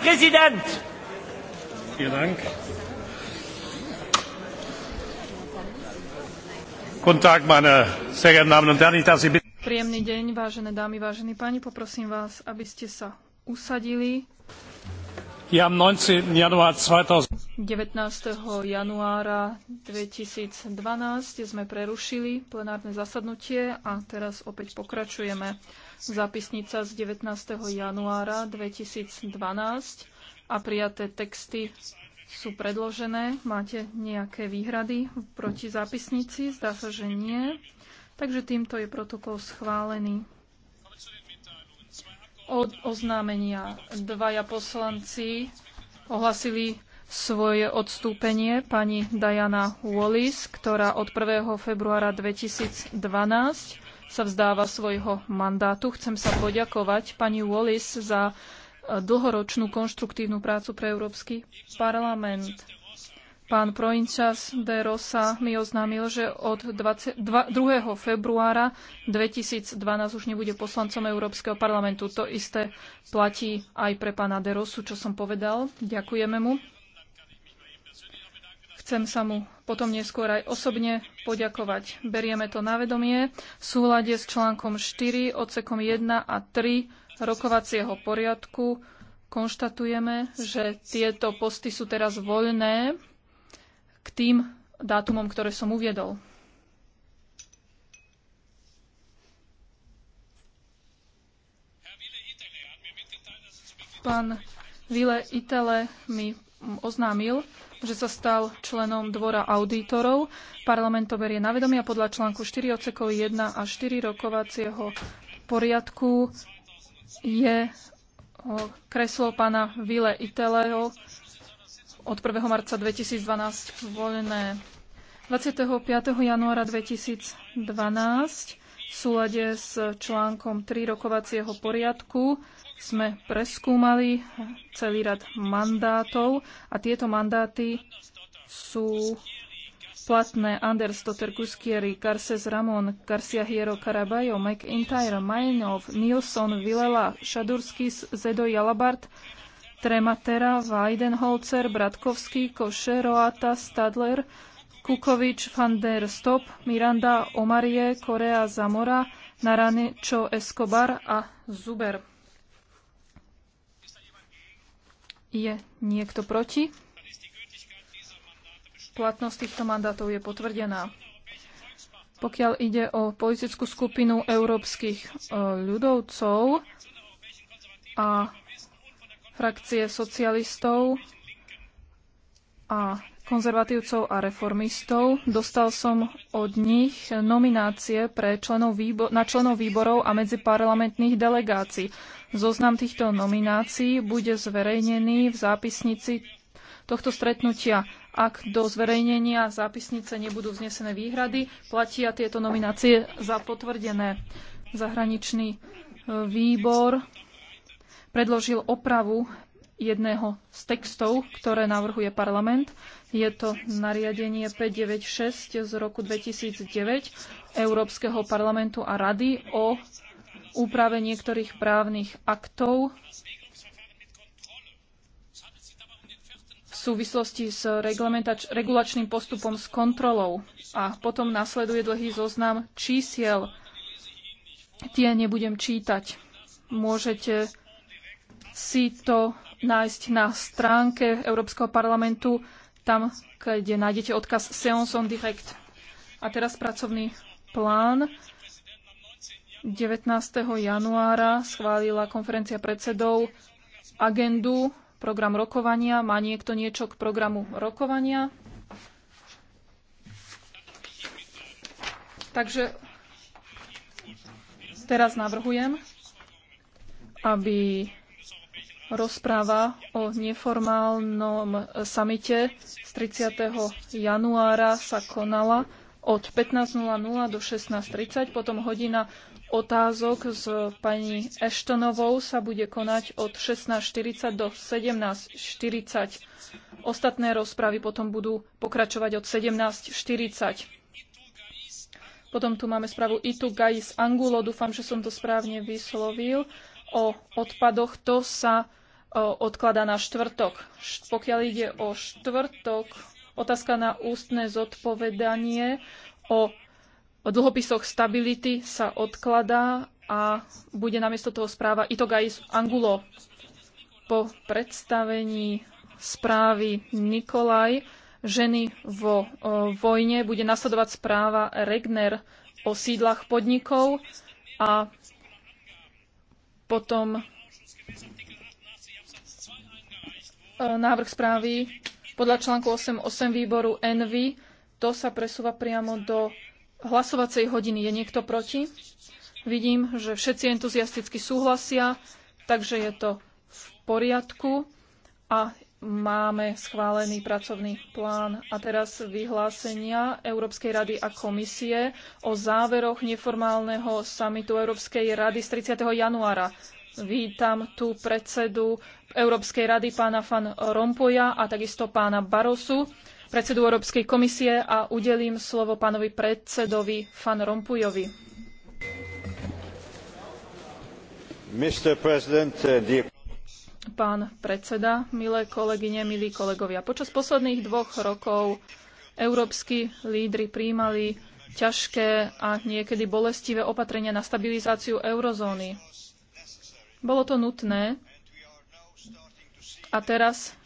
Präsident! Vielen Dank. Guten Tag, meine sehr geehrten Damen und Herren. Ich darf Sie bitten. Príjemný deň, vážené dámy, vážení páni. Poprosím vás, aby ste sa usadili. 19. januára 2012 sme prerušili plenárne zasadnutie a teraz opäť pokračujeme. Zápisnica z 19. januára 2012 a prijaté texty sú predložené. Máte nejaké výhrady proti zápisnici? Zdá sa, že nie. Takže týmto je protokol schválený. Od oznámenia dvaja poslanci ohlasili svoje odstúpenie pani Diana Wallis, ktorá od 1. februára 2012 sa vzdáva svojho mandátu. Chcem sa poďakovať pani Wallis za e, dlhoročnú konštruktívnu prácu pre Európsky parlament. Pán Proinčas de Rosa mi oznámil, že od 20, 2. februára 2012 už nebude poslancom Európskeho parlamentu. To isté platí aj pre pána de Rosu, čo som povedal. Ďakujeme mu. Chcem sa mu potom neskôr aj osobne poďakovať. Berieme to na vedomie v súlade s článkom 4, odsekom 1 a 3 rokovacieho poriadku. Konštatujeme, že tieto posty sú teraz voľné k tým dátumom, ktoré som uviedol. Pán Vile Itele mi oznámil, že sa stal členom Dvora auditorov. Parlament to berie na vedomie podľa článku 4 odsekov 1 a 4 rokovacieho poriadku je kreslo pána Vile Iteleho od 1. marca 2012 voľné. 25. januára 2012 v súlade s článkom 3 rokovacieho poriadku sme preskúmali celý rad mandátov a tieto mandáty sú platné Anders Dotter Kuskieri, Garces Ramon, Garcia Hiero Carabajo, McIntyre, Majnov, Nilsson, Vilela, Šadurskis, Zedo Jalabart, Trematera, Weidenholzer, Bratkovský, Koše, Roata, Stadler, Kukovič, Van der Stop, Miranda, Omarie, Korea, Zamora, Naranečo, Escobar a Zuber. Je niekto proti? Platnosť týchto mandátov je potvrdená. Pokiaľ ide o politickú skupinu európskych e, ľudovcov a frakcie socialistov a konzervatívcov a reformistov. Dostal som od nich nominácie pre členov výbo- na členov výborov a medziparlamentných delegácií. Zoznam týchto nominácií bude zverejnený v zápisnici tohto stretnutia. Ak do zverejnenia zápisnice nebudú vznesené výhrady, platia tieto nominácie za potvrdené. Zahraničný e, výbor predložil opravu jedného z textov, ktoré navrhuje parlament. Je to nariadenie 596 z roku 2009 Európskeho parlamentu a rady o úprave niektorých právnych aktov v súvislosti s regulačným postupom s kontrolou. A potom nasleduje dlhý zoznam čísiel. Tie nebudem čítať. Môžete si to nájsť na stránke Európskeho parlamentu, tam, kde nájdete odkaz Seance on Direct. A teraz pracovný plán. 19. januára schválila konferencia predsedov agendu, program rokovania. Má niekto niečo k programu rokovania? Takže teraz navrhujem, aby rozpráva o neformálnom samite z 30. januára sa konala od 15.00 do 16.30, potom hodina otázok s pani Eštonovou sa bude konať od 16.40 do 17.40. Ostatné rozpravy potom budú pokračovať od 17.40. Potom tu máme správu Itu Gais Angulo, dúfam, že som to správne vyslovil, o odpadoch. To sa odkladá na štvrtok. Pokiaľ ide o štvrtok, otázka na ústne zodpovedanie o dlhopisoch stability sa odkladá a bude namiesto toho správa Itogais Angulo. Po predstavení správy Nikolaj ženy vo vojne bude nasledovať správa Regner o sídlach podnikov a potom E, návrh správy podľa článku 8.8 výboru ENVY. To sa presúva priamo do hlasovacej hodiny. Je niekto proti? Vidím, že všetci entuziasticky súhlasia, takže je to v poriadku a máme schválený pracovný plán. A teraz vyhlásenia Európskej rady a komisie o záveroch neformálneho samitu Európskej rady z 30. januára. Vítam tu predsedu Európskej rady pána Van Rompoja a takisto pána Barosu, predsedu Európskej komisie a udelím slovo pánovi predsedovi Fan Rompujovi. Eh, Pán predseda, milé kolegyne, milí kolegovia, počas posledných dvoch rokov európski lídri príjmali ťažké a niekedy bolestivé opatrenia na stabilizáciu eurozóny. Bolo to nutné a teraz